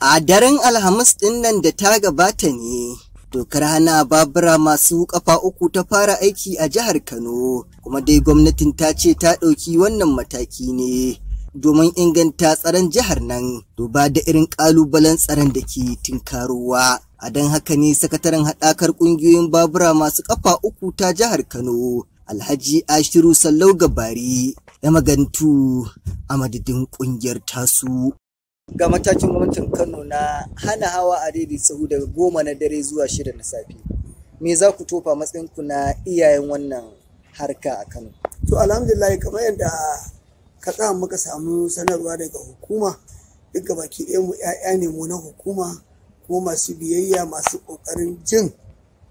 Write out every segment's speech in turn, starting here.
A daren Alhamis ɗin nan da ta gabata ne, dokar hana babura masu ƙafa uku ta fara aiki a jihar Kano, kuma dai gwamnatin ta ce ta ɗauki wannan mataki ne domin inganta tsaron jihar nan, duba da irin ƙalubalen tsaron da ke tinkarowa. A don haka ne sakataren haɗakar ƙungiyoyin babura masu ƙafa uku ta jihar Kano, Alhaji Ashiru Sallau Gabari, ya magantu a madadin ƙungiyar tasu. ga matakin gwamnatin kano na hana hawa a daidai sahu daga goma na dare zuwa shida na safe me za ku tofa matsayinku na iyayen wannan harka a kano to alhamdulillah kamar yadda ka muka samu sanarwa daga hukuma duk baki ɗaya mu 'ya'ya ne mu na hukuma kuma masu biyayya masu ƙoƙarin jin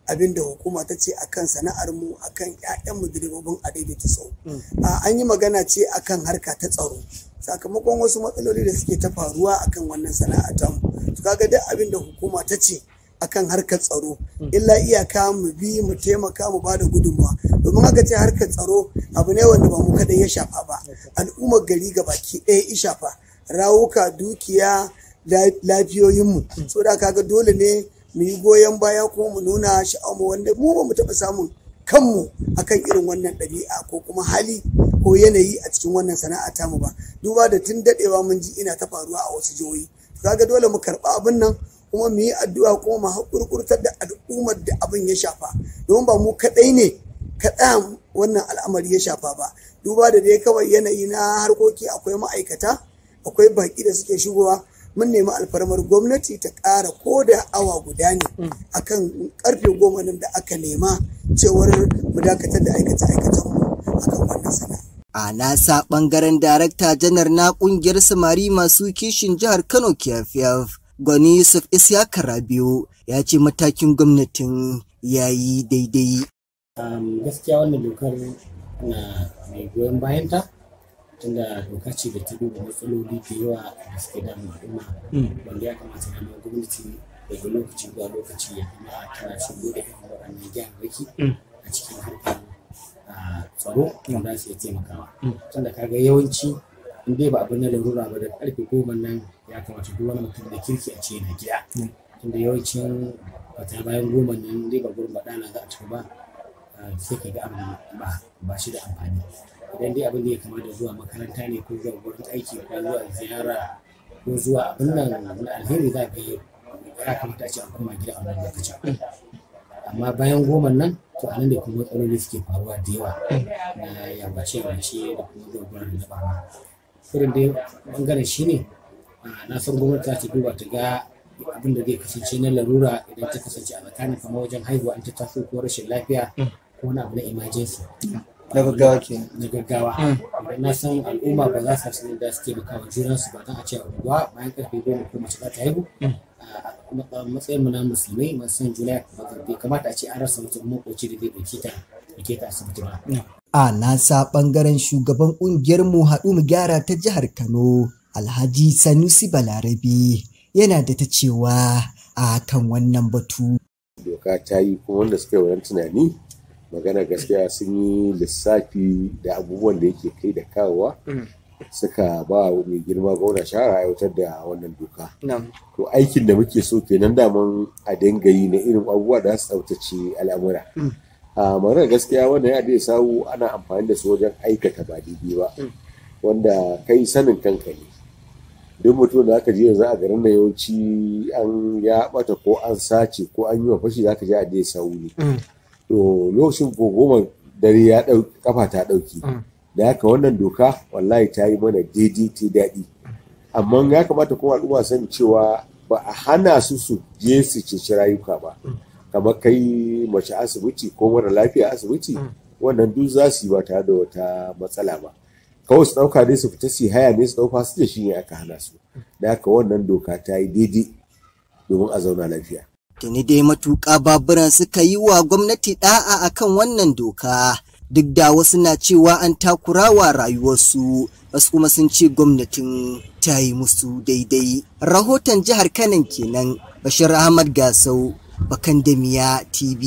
abin da hukuma ta ce akan sana'ar mu akan ƴaƴan mu direbobin adaidaita sau mm. an yi magana ce akan harka ta tsaro sakamakon wasu matsaloli da suke ta faruwa akan wannan sana'a ta mu to kaga duk abin da hukuma ta ce akan harkar tsaro mm. illa iyaka mu bi mu taimaka mu bada gudunmawa domin haka ce harkar tsaro abu ne wanda ba mu kadai ya shafa ba mm. al'ummar gari gabaki ɗaya i shafa rawuka dukiya lafiyoyinmu so da kaga dole ne mu yi goyon baya ko mu nuna sha'awa wanda mu ba mu taɓa samun kanmu akan irin wannan ɗabi'a ko kuma hali ko yanayi a cikin wannan sana'a ta mu ba duba da tun daɗewa mun ji ina ta faruwa a wasu jihohi kaga dole mu karɓa abin nan kuma mu yi addu'a kuma mu haƙurƙurtar da al'ummar da abin ya shafa Domin ba mu kaɗai ne kaɗan wannan al'amari ya shafa ba duba da dai kawai yanayi na harkoki akwai ma'aikata akwai baƙi da suke shigowa mun nemi alfarmar gwamnati ta ƙara ko da awa guda ne mm. akan karfe goma nan da aka nema cewar mu dakatar da aikace aikacen mu kan wannan sana'a a nasa bangaren darakta janar na ƙungiyar samari masu kishin jihar kano kiyafiyaf gwani yusuf isyaka rabiu ya ce matakin gwamnatin ya yi daidai gaskiya wannan dokar na mai goyon bayanta tunda doka ce da ta duba matsaloli da yawa da suke da al'umma hmm. wanda ya kamata dama gwamnati daga lokaci zuwa lokaci ya kuma tana su bude kan waɗannan gyararraki hmm. a cikin harkar tsaro wanda su iya taimakawa hmm. tunda kaga yawanci in dai ba abin na larura ba da karfe goma nan ya kamata duk wani mutum da kirki a ce na gida tunda yawancin wata bayan goma nan dai ba gurin ba ɗana za a cika ba sai ka ga abin ba ba shi da amfani idan dai abin da ya kama da zuwa makaranta ne ko zuwa wurin aiki ko zuwa ziyara ko zuwa abin nan na alheri za ka yi ya kamata a ce an koma gida a wannan lokacin amma bayan goma nan to a nan da kuma matsaloli suke faruwa da yawa na yambace yambace da kuma dogon da ba irin dai bangaren shi ne na san gwamnati za ta duba ta ga abin da zai kasance na larura idan ta kasance a tsakanin kamar wajen haihuwa in ta taso ko rashin lafiya ko abu na emergency mm. na gaggawa ke na gaggawa mm. idan na san al'umma ba za su san da suke baka juran su ba don a ce unguwa bayan karfe goma ko mace ta haihu mm. ah, kuma ah, matsayin mu na musulmai masu san juna bai kamata a ce an rasa mutum makoci da bai dauke ta dauke ta asibiti ba a nasa bangaren shugaban kungiyar mu haɗu mu gyara ta jihar Kano Alhaji Sanusi Balarabe yana da ta cewa a kan wannan batu doka ta yi kuma wanda suka yi wani tunani magana gaskiya sun yi lissafi da abubuwan da yake kai da kawowa mm. suka ba mai girma gwamna shara aiwatar da wannan doka to aikin da muke so kenan daman a dinga yi na irin abubuwa da su tsaftace al'amura mm. a magana gaskiya wannan ya dai sawu ana amfani da su wajen aikata ba daidai ba mm. wanda kai sanin kanka ne duk mutum da aka je yanzu a garin na yawanci an ya bata ko an sace ko an yi wa fashi za ka je a dai sawu ne to lokacin goma dare ya kafa ta ɗauki mm. da haka wannan doka wallahi ta yi mana daidai ta daɗi amma ya kamata kuma al'umma san cewa ba a hana su su je su ci rayuka ba mm. kamar kai mace asibiti ko mara lafiya asibiti mm. wannan duk za su yi ba tare da wata matsala ba kawai su ɗauka dai su fita su haya ne su ɗauka su da shi ne aka hana su da haka wannan doka ta yi daidai domin a zauna lafiya Tuni dai matuƙa baburan suka yi wa gwamnati ɗa'a akan wannan doka, duk da wasu na cewa an takurawa rayuwarsu, wasu kuma sun ce gwamnatin ta yi musu daidai. Rahoton jihar Kanan kenan, Bashir Ahmad Gasau, Bakandamiya TV.